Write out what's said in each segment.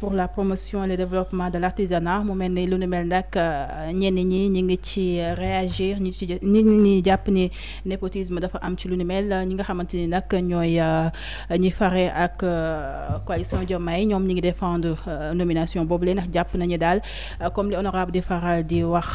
pour la promotion et le développement de l'artisanat mu mel ni lu nu mel nag euh, ñenn ñi ñi ngi ci euh, réagir ñi ci ñi ñi jàpp ni népotisme dafa am ci lu nu mel ñi nga xamante ni nag ñooy euh, ñi fare ak coalition Diomaye ñoom ñi ngi défendre nomination boobu leen ndax jàpp nañu daal comme li honorable di faral di wax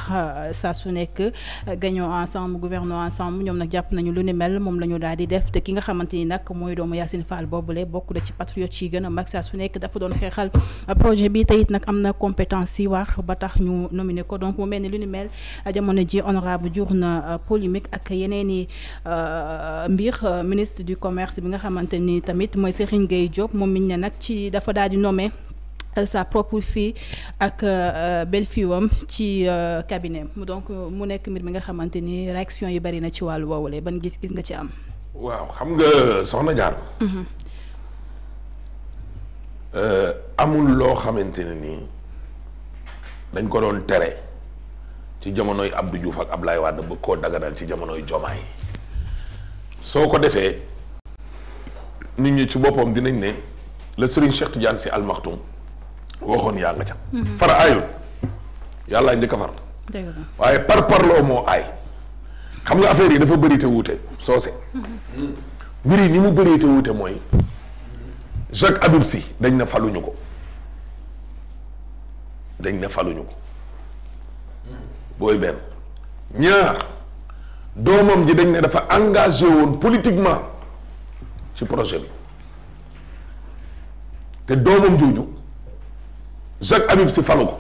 saa su nekk gagnons ensemble gouvernons ensemble ñoom nag jàpp nañu lu nu mel moom la ñu daal di def te ki nga xamante ni nag mooy doomu Yacine Fall boobule bokk na ci patriote yi gën mag saa su nekk dafa doon xeexal Euh, projet bi teyit nag am na compétence yi war ba tax ñu nominé ko donc mu mel ni lu ni mel jamono ji honorable jur na euh, polémique ak yeneen i euh, mbir ministre du commerce bi nga xamante ni tamit mooy Serigne Gueye Diop moom miñ ne nag ci dafa daal di nommé sa propre fii ak belle fille ci cabinet am donc mu nekk mbir mi nga xamante ni réaction yi bari na ci wàllu woowule ban gis-gis nga ci am waaw xam nga soxna jaar Euh, amul loo xamante ne nii dañ ko doon tere ci jamonoy Abdou Diouf ak Ablaye Wade bëgg koo daganal ci jamonoy Jomaay soo ko defee nit ñi ci boppam dinañ ne la Serigne Cheikh Tidiane si almaxtum waxoon yaa nga ca. Mhm. far aayul yàlla njëkk a far. waaye par parloo moo aay. xam nga affaire yi dafa bëri te wuute soose. Mhm. mbir yi ni mu bëri te wuute mooy. Jacques Habib Sy dañ na faluñu ko dañ na faluñu ko booy benn ñaar doomam ji dañ ne dafa engagé woon politiquement ci projet bi te doomam jooju Jacques Habib si falu ko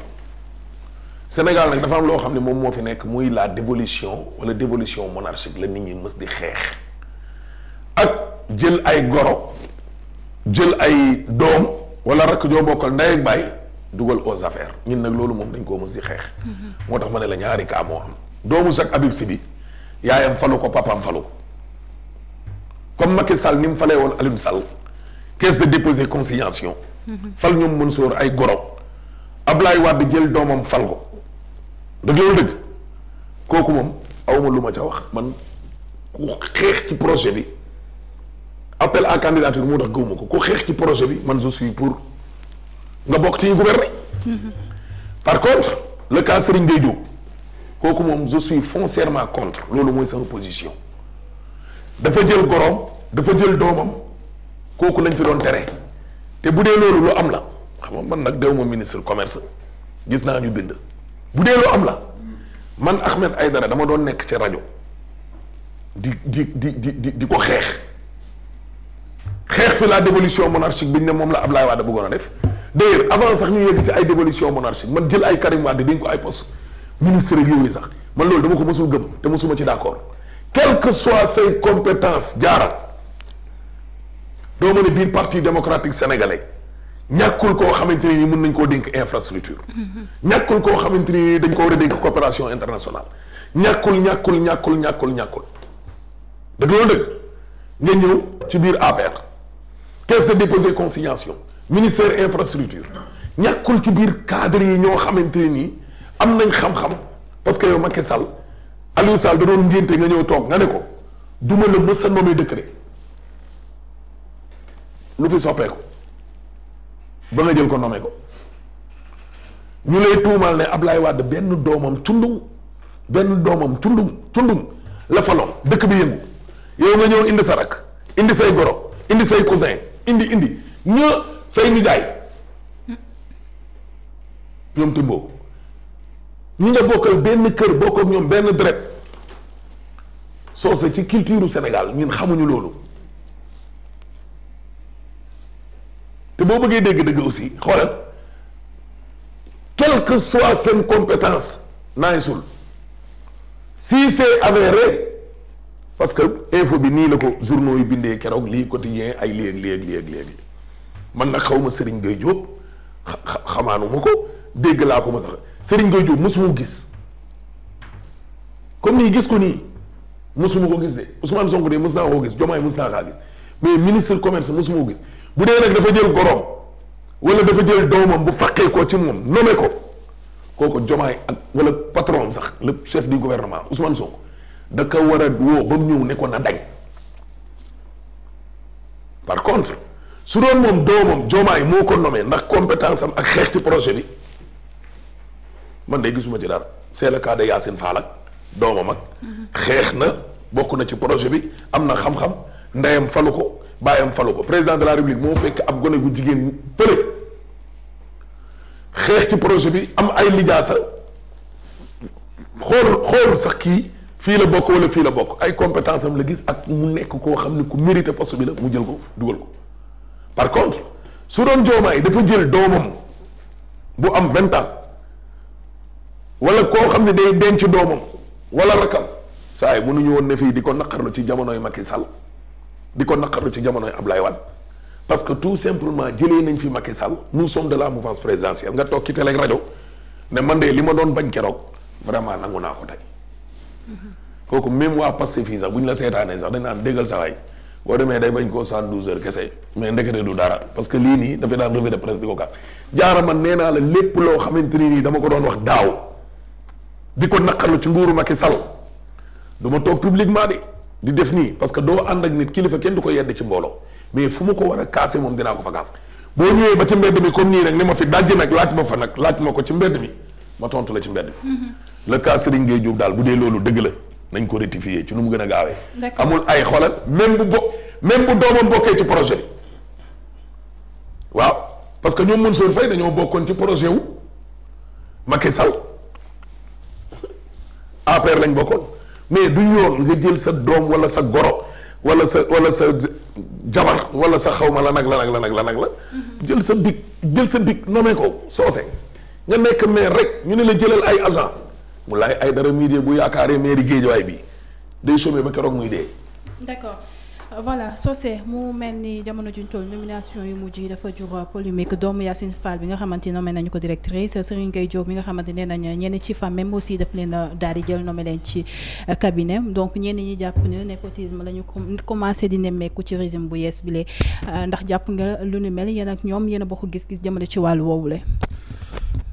Sénégal nag dafa am loo xam ne moom moo fi nekk muy la dévolution wala dévolution monarchique la nit ñi mës di xeex ak jël ay goro jël ay doom wala rakk joo bokkal ndey ak baay dugal aux affaires ñun nag loolu moom dañ koo mës di xeex. Mm-hmm. moo tax ma ne la ñaari cas am. doomu Jacques Habib Sy bi yaayam falu ko papaam falu ko comme Macky Sall ni mu falee woon Alioune Sall caisse de dépôt et consignation. Mm-hmm. fal ñoom Mansour ay goro. Ablaye Wade jël doomam fal ko dëgg loolu dëgg kooku moom awma lu ma ca wax man ku xeex ci projet bi. appel à moo tax gëwuma ko ko xeex ci projet bi man je suis pour nga bokk ci ñu gouverner mm-hmm. par contre le cas Serigne Gueye kooku moom je suis foncièrement contre loolu mooy sama position dafa jël gorom dafa jël doomam kooku lañ fi doon tere te bu dee loolu lu am la xam nga man nag dewuma ministre commerce gis naa ñu bind bu dee lu am la man Ahmed Aïdara dama doon nekk ci rajo di di di di di di ko xeex xeex fi la dévolution monarchique bi ñu ne moom la Ablaye Wade bëggoon a def d'ailleurs avant sax ñu yegg ci ay dévolution monarchique man jël ay Karim Wade di ñu ko ay poste ministre ak yooyu sax man loolu dama ko mësul gëm te mësuma ci d'accord quelles que soient ses compétences jaaral doo ma ne biir parti démocratique sénégalais ñàkkul koo xamante ni mën nañ koo dénk infrastructure ñàkkul koo xamante ni dañ ko war a dénk coopération internationale ñàkkul ñàkkul ñàkkul ñàkkul ñàkkul dëgg loolu dëgg nga ñëw ci biir APR caisse de dépôt et consignation ministère infrastructure ñàkkul ci biir cadre yi ñoo xamante nii am nañ xam-xam parce que yow Macky Sall Aliou Sall da doon ngénte nga ñëw toog nga ne ko duma la mës a nommé décret lu fi soppeeku ba nga jël ko nommé ko ñu lay tuumaal ne Ablaye Wade benn doomam tundum benn doomam tundum tundum la faloon dëkk bi yëngu yow nga ñëw indi sa rak indi say goro indi say cousin indi indi ñoo say nijaay ñoom timboo ñu nga bokkal benn kër bokk ak ñoom benn deret soose ci culture Sénégal ñun xamuñu loolu te boo bëggee dégg dëgg aussi xoolal quelle que soit seen compétence naay sul si c'est avéré parce que info bi nii la ko journaux yi bindee keroog lii quotidien ay lii ak lii ak lii ak lii man nag xaw ma Serigne Gueye Diop xamaanu ma ko dégg laa ko ma sax Serigne Gueye Diop mosuma gis comme nii gis ko nii mosuma ko gis de Ousmane Sonko de mos naa koo gis Diomaye mos naa kaa gis mais ministre commerce mosuma ko gis bu dee nag dafa jël gorom wala dafa jël doomam bu faqee ko ci moom nommé ko kooku Diomaye ak wala patron sax le chef du gouvernement Ousmane Sonko. da ko war a woo ba mu ñëw ne ko na dañ par contre su doon moom doomam joomaay moo ko nommé ndax compétence am ak xeex ci projet bi man de gisuma ci dara c'est le cas de Yacine Fall ak doomam ak xeex na bokk na ci projet bi am na xam-xam ndeyam falu ko bàyyam falu ko président de la république moo fekk ab gone gu jigéen fële xeex ci projet bi am ay lijaasa xool xool sax kii fii la bokk wala fii la bokk ay compétence am la gis ak mu nekk koo xam ne ku mérité poste bi la mu jël ko dugal ko par contre su doon joomaay dafa jël doomam bu am vingt ans wala koo xam ne day denc doomam wala rakam saa yi mënuñu woon ne fii di ko naqarlu ci jamonoy Macky Sall di ko naqarlu ci jamonoy Ablaye wat parce que tout simplement jëlee nañ fi Macky Sall nous sommes de la mouvance présidentielle nga toog ci tele rajo ne man de li ma doon bañ keroog vraiment nangu naa ko tey. kooku même waa Pastef fii sax bu ñu la seetaanee sax dañ naan déggal sa waay boo demee day bañ koo cent douze heures kese mais ndekete du dara parce que lii nii dafay daan revue de presse di naa la lépp loo xamante ni dama ko doon wax daaw di ko naqarlu ci nguuru Macky Sall du ma toog publiquement di di def nii parce que doo ànd ak nit kilifa kenn du ko yedd ci mbooloo mais fu ma ko war a kaase moom dinaa ko fa kaas boo ñëwee ba ci mbedd mi comme nii rek ni ma fi dajji nag laaj ma fa nag laaj ma ko ci mbedd mi ma tontu la ci mbedd mi. Mm-hmm. le cas Serigne Gueye daal bu dee loolu dëgg la. nañ ko rectifier ci nu mu gën a gaawee. amul ay xoolal même bu bo même bu doomam bokkee ci projet bi waaw parce que ñoom Mansour Faye dañoo bokkoon ci projet wu Macky Sall APR lañ bokkoon mais du yoon nga jël sa doom wala sa goro wala sa wala sa jabar wala sa xawma la nag la ak lan ak lan ak la mm-hmm. jël sa dig jël sa dig nommé ko soose nga nekk maire rek ñu ne la jëlal ay agent mu ay dara mii de bu yaakaaree mairie Guédiawaye bi day sommé ba keroog muy dee. d'accord. voilà Socé mu mel ni jamono juñ toll nomination yu mujj yi dafa jur polémique doomu Yacine Fall bi nga xamante ni nommé nañu ko directrice Serigne Gueye Diop nga xamante ne nañ ñenn ci femme même aussi daf leen daal di jël nommé leen ci cabinet donc ñenn ñi jàpp ne népotisme la ñu commencé di nemmeeku ci régime bu yees bi lee ndax jàpp nga lu nu mel yéen ak ñoom yéen a bokk gis-gis jëmale ci wàllu woowule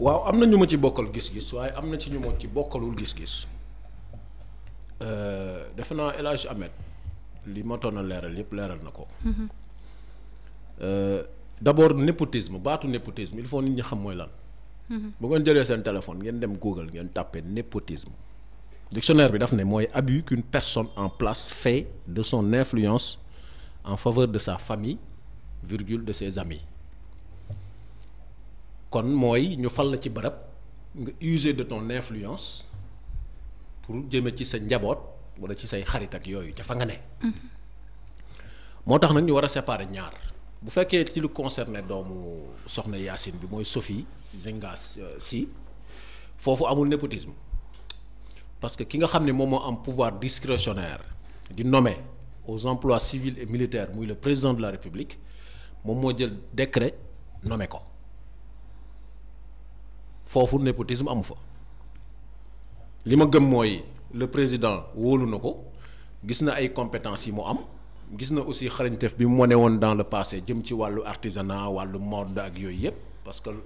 waaw am na ñu ma ci bokkal gis-gis waaye am na ci ñu moo ci bokkalul gis-gis euh, defe naa El Hadj li ma toon a leeral yëpp leeral na ko. Mm-hmm. Euh, d'abord népotisme baatu népotisme il faut nit ñi xam mooy lan. Mm-hmm. bu ngeen jëlee seen téléphone ngeen dem Google ngeen tàppee népotisme. dictionnaire bi daf ne mooy abus qu'une personne en place fait de son influence en faveur de sa famille virgule de ses amis. kon mooy ñu fal la ci barab nga user de ton influence pour jëme ci sa njaboot walla ci say xarit ak yooyu ca fa nga ne. moo tax nag ñu war a séparer ñaar bu fekkee ci lu concerné doomu soxna Yacine bi mooy sofi Zengas euh, si foofu amul népotisme parce que ki nga xam ne moom moo am pouvoir discrétionnaire di nommer aux emplois civils et militaire muy le président de la République moom moo jël décret nommé ko. foofu népotisme amu fa li ma gëm mooy le président wóolu na ko gis na ay compétences yi mu am gis na aussi xarañteef bi mu ne woon dans le passé jëm ci wàllu artisanat wàllu mode ak yooyu yëpp parce